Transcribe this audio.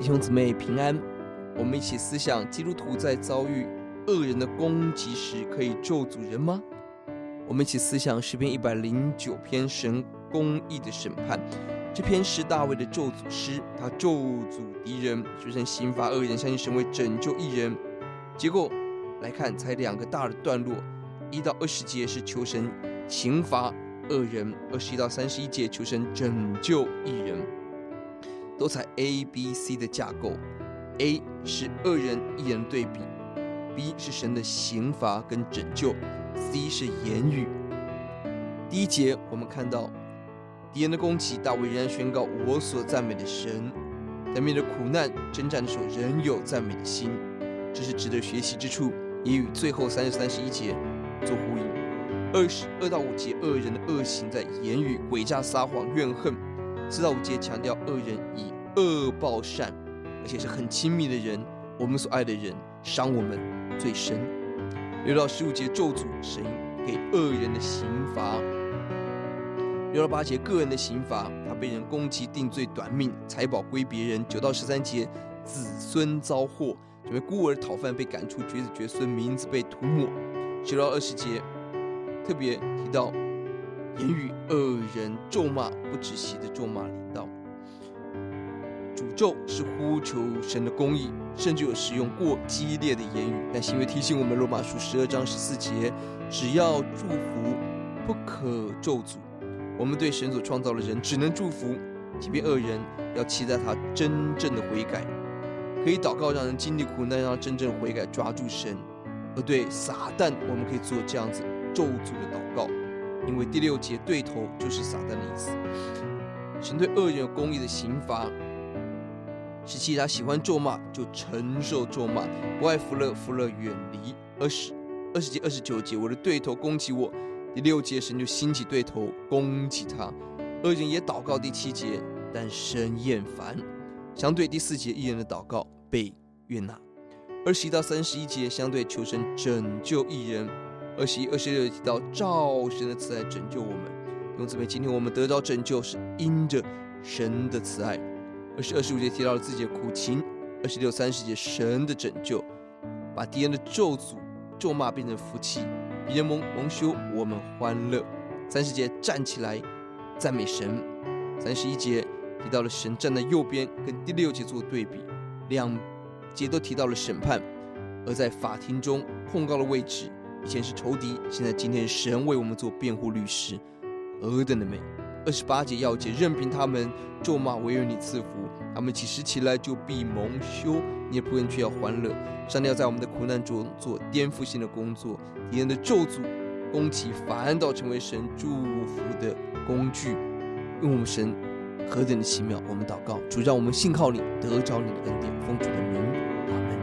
弟兄姊妹平安，我們一起思想基督徒在遭遇惡人的攻擊時可以咒詛人嗎？我們一起思想詩篇一百零九篇神公義的審判。這篇是大衛的咒詛詩，他咒詛敵人，求神刑罰惡人，相信神會拯救義人。結構來看，才兩個大的段落，一到二十節是求神刑罰惡人，二十一到三十一節求神拯救義人。都採 A、B、C 的架構，A 是惡人義人對比，B 是神的刑罰跟拯救，C 是言語。第一節我們看到敵人的攻擊，大衛仍然宣告我所讚美的神，在面對苦難征戰的時候仍有讚美的心，這是值得學習之處，也與最後三十至三十一節做呼應。二十二到五節惡人的惡行在言語詭詐、撒謊、怨恨；四到五節強調惡人以。惡報善，而且是很親密的人，我們所愛的人傷我們最深。六到十五節咒詛神給惡人的刑罰，六到八節個人的刑罰，他被人攻擊，定罪，短命，財寶歸別人。九到十三節子孫遭禍，成為孤兒討飯，被趕出，絕子絕孫，名字被塗抹。十六到二十節特別提到言語，惡人咒罵，不止息的咒罵臨到。詛咒是呼求神的公義，甚至有使用過激烈的言語，但新約提醒我們羅馬書十二章十四節，只要祝福，不可咒詛。我們對神所創造的人只能祝福，即便惡人要期待他真正的悔改，可以禱告讓人經歷苦難，讓他真正悔改抓住神。而對撒旦，我們可以做這樣子咒詛的禱告，因為第六節對頭就是撒旦的意思。神對惡人有公義的刑罰。十七，他喜歡咒罵，就承受咒罵，不愛福樂，福樂遠離。二十、二十節、二十九節，我的對頭攻擊我。第六節，神就興起對頭攻擊他。惡人也禱告。第七節，但神厭煩，相對第四節，義人的禱告被悅納。二十一到三十一節，相對求神拯救義人。二十一、二十六節到照神的慈愛拯救我們。弟兄姊妹，今天我們得到拯救是因着神的慈愛。而是二十二,二十五節提到了自己的苦情，二十六、三十節神的拯救，把敵人的咒詛、咒罵變成福氣，敵人蒙蒙羞，我們歡樂。三十節站起來讚美神。三十一節提到了神站在右邊，跟第六節做對比，兩節都提到了審判，而在法庭中控告的位置，以前是仇敵，現在今天神為我們做辯護律師，何等的美！二十八節鑰節，任憑他們咒罵，唯有你賜福。他們幾時起來就必蒙羞，你的僕人卻要歡樂。上帝要在我們的苦難中做顛覆性的工作，敵人的咒詛攻擊，反倒成為神祝福的工具。用我們神何等的奇妙，我們禱告主，讓我們信靠你，得着你的恩典，奉主的名阿們。